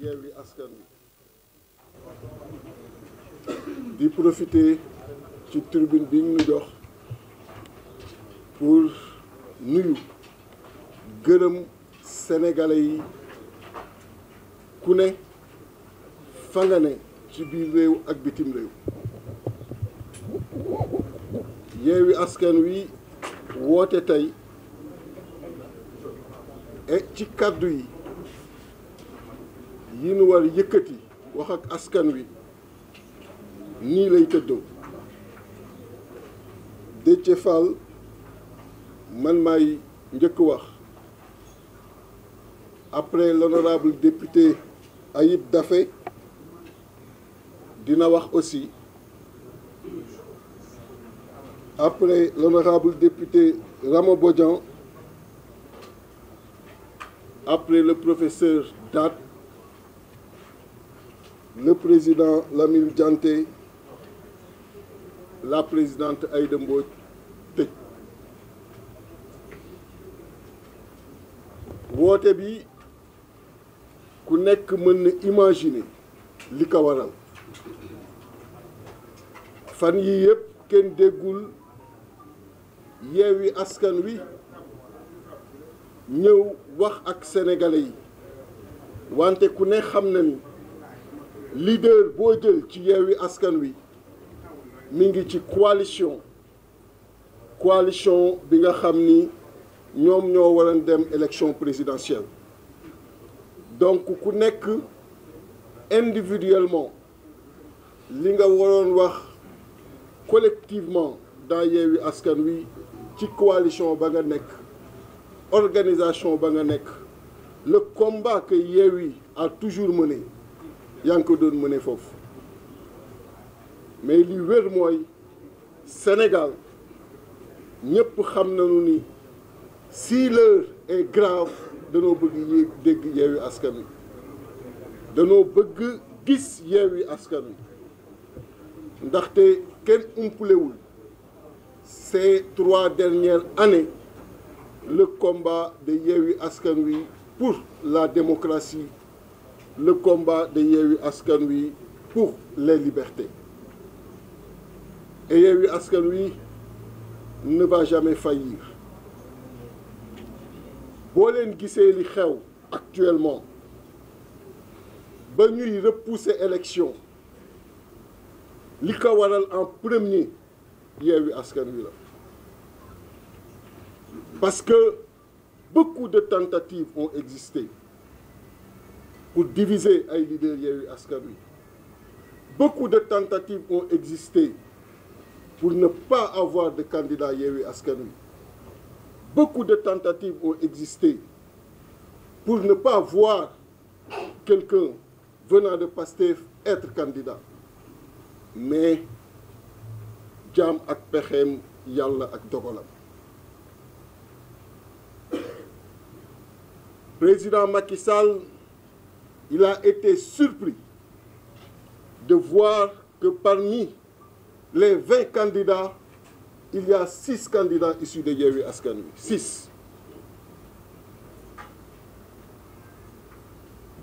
Yewwi Askan Wi di profiter ci tribune bi ñu jox pour nuyu gërëm sénégalais yi ku ne fa ci biir réew ak bitim réew Yewwi Askan Wi woote tey eh, ci kàddu yi yi nu war yëkkati wax ak askan wi nii lay tëddoo Déthié Fall man maay njëkk wax après l'honorable député Ayib dafe dina wax aussi après l'honorable député Rama Bodian après le professeur Dat le président Lamine Dianté la présidente ay Mbodj tëj woote bi ku nekk mën na imaginer li ko waral fan yi yëpp kenn déggul yeewi askan wi ñëw wax ak sénégalais yi wante ku ne xam na ni leader boo jël ci Yewwi Askan Wi mi ngi ci coalition coalition bi nga xam ni ñoom ñoo waroon dem élection présidentielle donc ku nekk individuellement li nga waroon wax collectivement dans Yewwi Askan Wi ci coalition ba nga nekk organisation ba nga nekk le combat que Yewwi a toujours mené yaa ngi ko doon mëne foofu mais li wér mooy Sénégal ñëpp xam nañu ni si l'heure est grave danoo bëgg dégg yeewi askan wi danoo bëgg gis yeewi askan wi ndaxte kenn umpulewul ces trois dernières années le combat de yeewi askan wi pour la démocratie le combat de Yewwi Askan Wi pour les libertés et Yewwi Askan Wi ne va jamais faillir boo leen gisee li xew actuellement ba ñuy repousser élection li ko waral en premier Yewwi Askan Wi la parce que beaucoup de tentatives ont existé pour diviser ay leaders Yewwi Askan Wi beaucoup de tentatives ont existé pour ne pas avoir de candidat Yewwi Askan Wi beaucoup de tentatives ont existé pour ne pas voir quelqu'un venant de Pastef être candidat mais jaam ak pexeem yàlla ak dogalam président Macky il a été surpris de voir que parmi les 20 candidats, il y a 6 candidats issus de Yewwi Askan Wi 6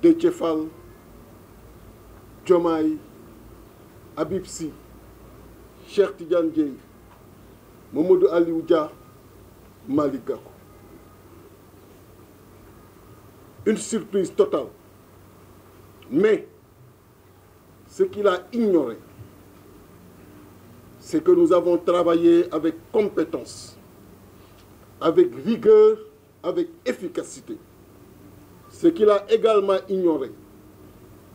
Déthié Fall Diomaye Habib Sy Cheikh Tidiane Dièye Mamadou Aliou Dia Malick Gakou une surprise totale Mais ce qu'il a ignoré, c'est que nous avons travaillé avec compétence, avec rigueur, avec efficacité. Ce qu'il a également ignoré,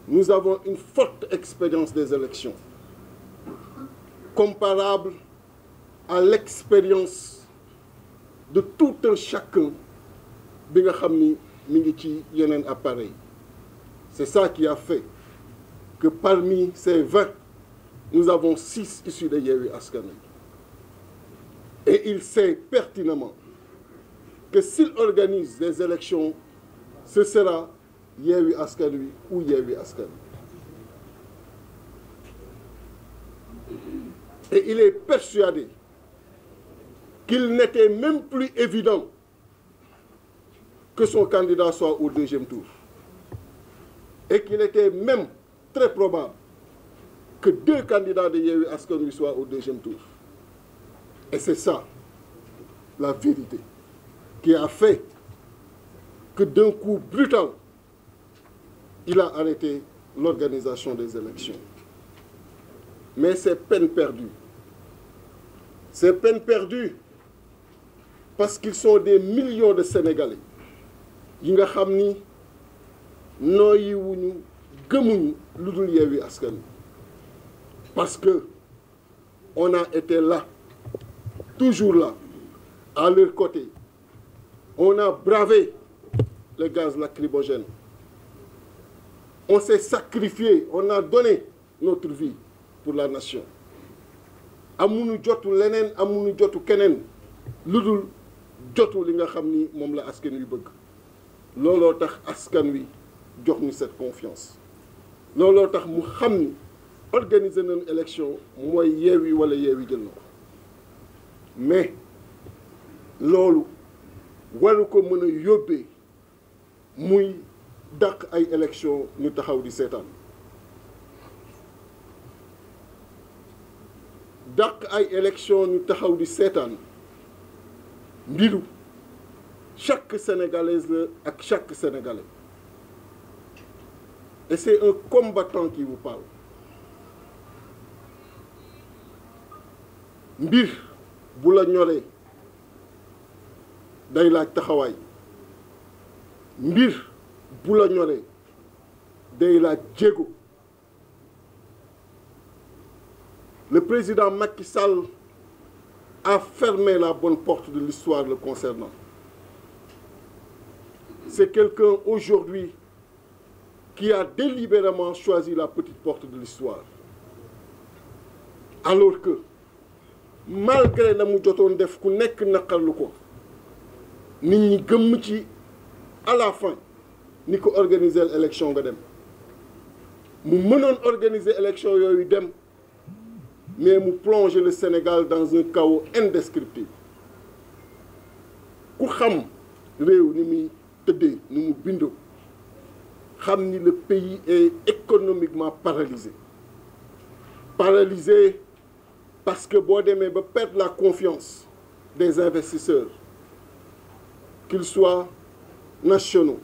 nous avons une forte expérience des élections, comparable à l'expérience de tout un chacun bi nga xam ni mi ngi ci yeneen appareil C'est ça qui a fait que parmi ces 20, nous avons 6 issus de Yéwi Askanui. Et il sait pertinemment que s'il organise des élections, ce sera Yéwi Askanui ou Yéwi Askanui. Et il est persuadé qu'il n'était même plus évident que son candidat soit au deuxième tour. et qu'il était même très probable que deux candidats de Yewwi Askan Wi soient au deuxième tour. Et c'est ça, la vérité, qui a fait que d'un coup brutal, il a arrêté l'organisation des élections. Mais c'est peine perdue. C'est peine perdue parce qu'ils sont des millions de Sénégalais yi nga xam ni nooyi wuñu gëmuñu lu dul Yewwi Askan Wi parce que on a été là toujours là à leur côté on a bravé le gaz lacrymogène on s'est sacrifié on a donné notre vie pour la nation amuñu jotu leneen amuñu jotu keneen lu dul jotu li nga xam ni moom la askan wi bëgg looloo tax askan wi jox ñu cette confiance looloo tax mu xam ni organiser nañu élection mooy Yewwi wala Yewwi jël na ko mais loolu waru ko mën a yóbbee muy dàq ay élection ñu taxaw di seetaan dàq ay élection ñu taxaw di seetaan mbiru chaque sénégalaise la ak chaque sénégalais. Et c'est un combattant qui vous parle. mbir bu la ñoree day laaj taxawaay mbir bu la ñoree day laaj jéego le président Macky Sall a fermé la bonne porte de l'histoire le concernant c'est quelqu'un aujourd'hui qui a délibérément choisi la petite porte de l'histoire alors que malgré na mu jotoon def ku nekk naqarlu ko nit ñi gëmm ci à la ni ko organiser l'élection nga dem mu mënoon organiser élection yooyu dem mais mu plonger le Sénégal dans un chaos indescriptible ku xam réew ni muy tëddee ni mu bindoo xam ni le pays est économiquement paralysé paralysé parce que boo demee ba perdre la confiance des investisseurs qu'ils soient nationaux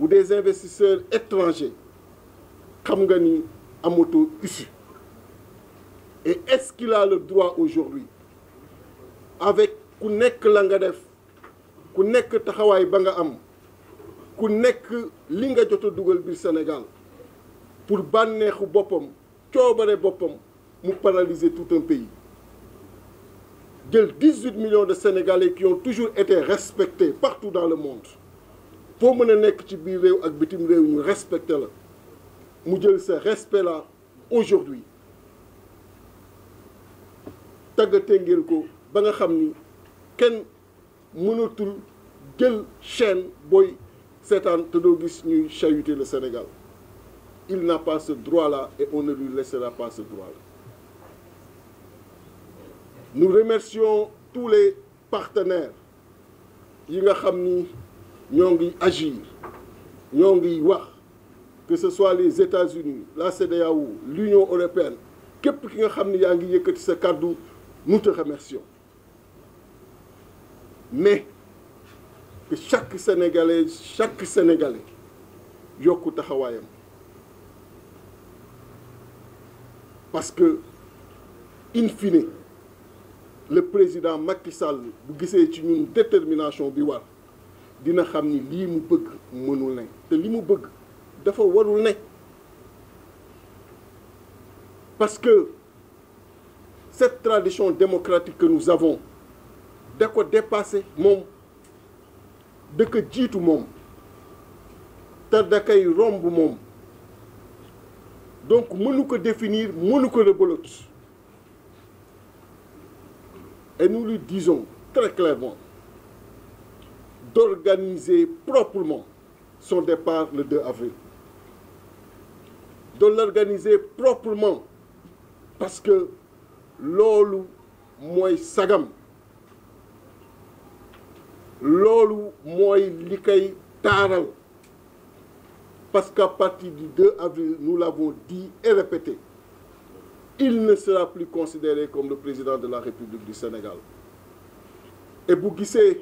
ou des investisseurs étrangers xam nga ni amatoo issue et est-ce qu'il a le droit aujourd'hui avec ku nekk la nga def ku nekk taxawaay ba nga am ku nekk li nga jot a dugal biir Sénégal pour bànneexu boppam coobare boppam mu paralyser tout un pays jël dix-huit million de Sénégalais qui ont toujours été respecté partout dans le monde foo mën a nekk ci biir réew ak bitim réew ñu respecté la mu jël ce respect là aujourd'hui tàggatee ngeen ko ba nga xam ni kenn mënatul jël chaîne booy seetaan te doo gis ñuy chahuter le Sénégal il n'a pas ce droit-là et on ne lui laissera pas ce droit nous remercions tous les partenaires yi nga xam ni ñoo ngi agir ñoo ngi wax que ce soit les États-Unis la CEDEAO l'Union européenne képp ki nga xam ni yaa ngi yëkkati sa kàddu nous te remercions que chaque sénégalais chaque sénégalais yokku taxawaayam parce que in fine le président Macky Sall bu gisee ci ñu détermination bi war dina xam ni lii mu bëgg mënul ne te li mu bëgg dafa warul ne parce que cette tradition démocratique que nous avons da ko dépassé moom da jiitu moom te da koy romb moom donc mënu ko définir mënu ko rebelote et nous lui disons très clairement d'organiser proprement son départ le 2 avril de l'organiser proprement parce que loolu mooy sagam loolu mooy li koy taaral parce qu'à partir du 2 avril nous l'avons dit et répété il ne sera plus considéré comme le président de la République du Sénégal et bu gisee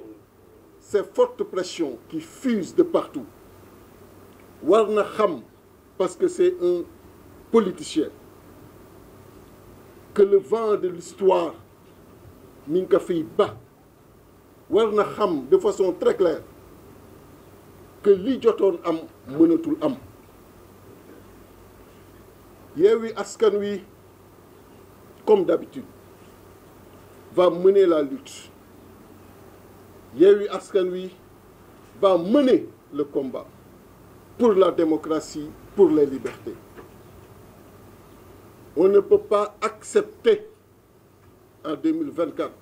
ces fortes pressions qui fusent de partout war na xam parce que c'est un politicien que le vent de l'histoire mi ko fiy war na xam de façon très claire que li jotoon am mënatul am Yewwi Askan Wi comme d'habitude va mener la lutte Yewwi Askan Wi va mener le combat pour la démocratie pour les libertés on ne peut pas accepter en 2024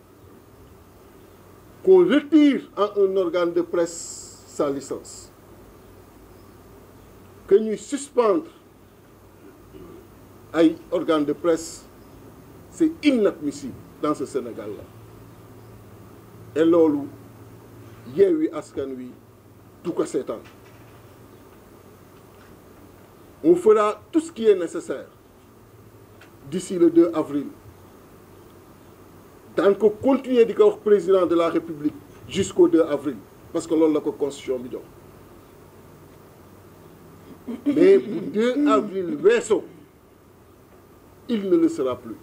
qu'on retire à un organe de presse sa licence que ñuy suspendre ay organe de presse c'est inadmissible dans ce Sénégal-là et loolu Yewwi Askan Wi du ko seetaan on fera tout ce qui est nécessaire d'ici le avril tant que continuer di ko wax président de la république jusqu'au 2 avril parce que loolu la ko constitution bi jox mais bu 2 avril weesoo il ne le sera plus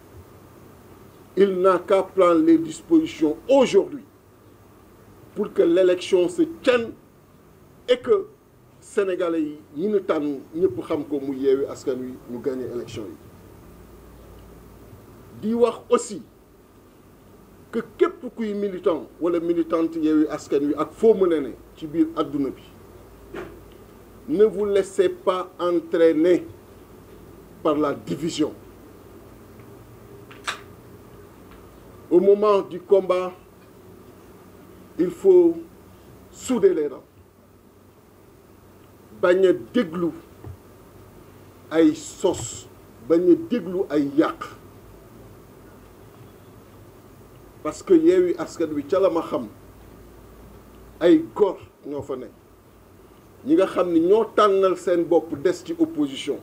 il n'a qu'à prendre les dispositions aujourd'hui pour que l'élection se tienne et que sénégalais yi ñi ni tànn ñëpp xam ko mu yeewi askan wi ñu gagné élection yi di wax aussi que képp kuy militant wala militante Yewwi Askan Wi ak foo mën ne ci biir àdduna bi ne vous laissez pas entraîner par la division au moment du combat il faut souder les rangs bañ a déglu ay sos bañ a déglu ay yàq parce que Yewwi Askan Wi ca la ma xam ay góor ñoo fa ne ñi nga xam ni ñoo tànnal seen bopp des ci opposition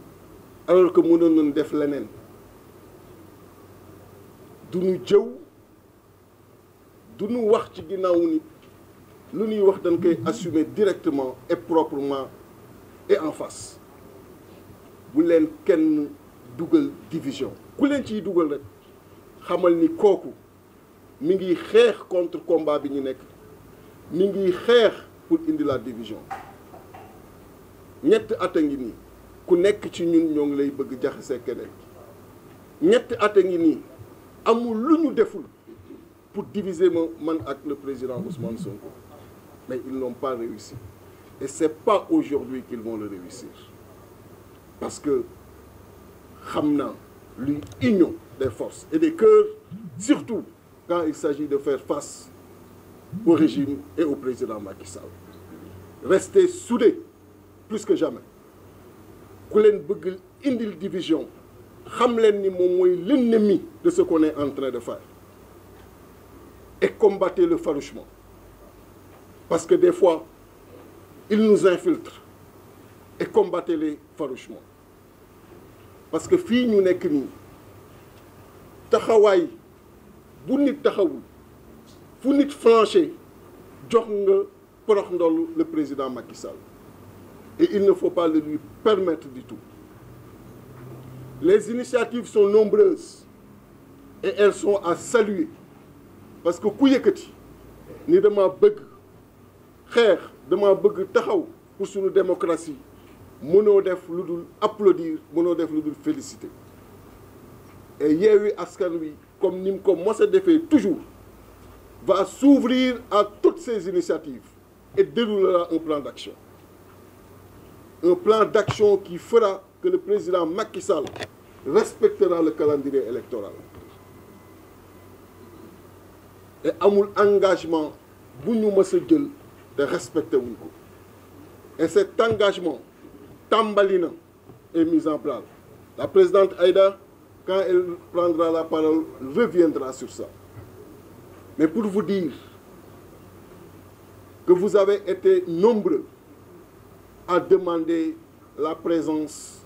alors que mënoon nañ def leneen du ñu jëw du nu wax ci ginnaaw ni lu ñuy wax dañ koy assumer directement et proprement et en face bu leen kenn dugal division ku leen ciy dugal rek xamal ni kooku mi ngi xeex contre combat bi ñu nekk mi ngi xeex pour indi la division ñett at a ngi nii ku nekk ci ñun ñoo ngi lay bëgg jaxase keneen ñetti at a ngi nii amul lu ñu deful pour diviser ma man ak le président Ousmane Sonko mais ils n'ont pas réussi et c'est pas aujourd'hui qu'ils vont le réussir parce que xam na luy union des forces et des cœurs surtout quand il s'agit de faire face au régime et au président Macky Sall. Restez plus que jamais ku leen bëgg indil division xam leen ni moom mooy l'ennemi de ce qu'on est en train de faire et combattez le farouchement parce que des fois ils nous infiltrent et combattez-les farouchement parce que fii ñu nekk nii taxawaay. bu nit taxawul fu nit flanché jox nga porox ndoll le président Macky Sall et il ne faut pas lui permettre du tout les initiatives sont nombreuses et elles sont à saluer parce que ku yëkkati ni dama bëgg xeex dama bëgg taxaw pour suñu démocratie mënoo def lu dul applaudir mënoo def lu dul féliciter et Yewwi Askan Wi comme ni mu ko mos defee toujours va s'ouvrir à toutes ces initiatives et déroulera un plan d'action un plan d'action qui fera que le président Macky Sall respectera le calendrier électoral et amul engagement bu ñu mës a jël te respecté ko et cet engagement tàmbali na est mise en place la présidente Aïda quand elle prendra la parole, reviendra sur ça. Mais pour vous dire que vous avez été nombreux à demander la présence,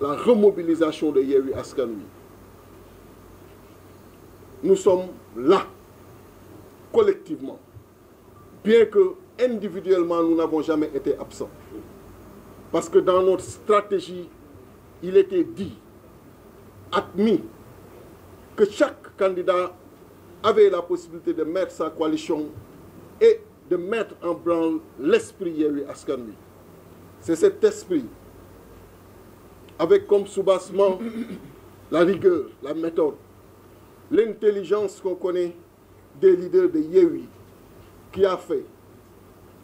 la remobilisation de Yehui Askanoui. Nous sommes là, collectivement, bien que individuellement nous n'avons jamais été absents. Parce que dans notre stratégie, il était dit admis que chaque candidat avait la possibilité de mettre sa coalition et de mettre en branle l'esprit Yewwi Askan Wi c'est cet esprit avec comme soubassement la rigueur la méthode l'intelligence qu'on connaît des leaders de Yewwi qui a fait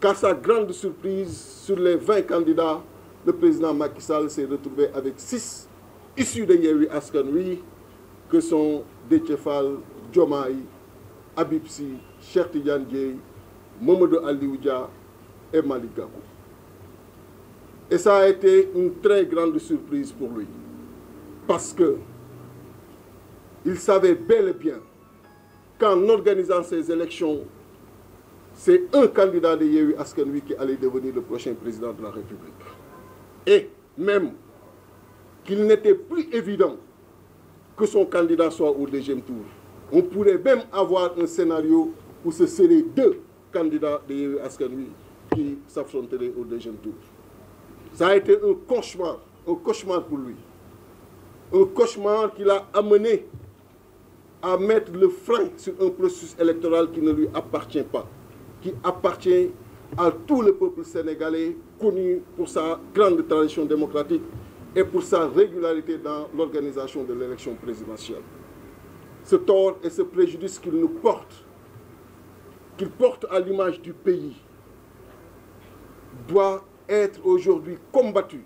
qu'à sa grande surprise sur les vingt candidats le président Macky Sall s'est retrouvé avec six issus de Yewwi Askan Wi que sont Déthié Fall Diomaye Habib Sy Cheikh Tidiane Dièye Mamadou Dia et Malick Gakou et ça a été une très grande surprise pour lui parce que il savait bel et bien qu'en organisant ces élections c'est un candidat de Yewwi Askan Wi qui allait devenir le prochain président de la République et même qu'il n'était plus évident que son candidat soit au deuxième tour. On pourrait même avoir un scénario où ce seraient deux candidats de Yewwi Askan Wi qui s'affronteraient au deuxième tour. Ça a été un cauchemar, un cauchemar pour lui. Un cauchemar qui l'a amené à mettre le frein sur un processus électoral qui ne lui appartient pas, qui appartient à tout le peuple sénégalais connu pour sa grande tradition démocratique et pour sa régularité dans l'organisation de l'élection présidentielle. Ce tort et ce préjudice qu'il nous porte, qu'il porte à l'image du pays, doit être aujourd'hui combattu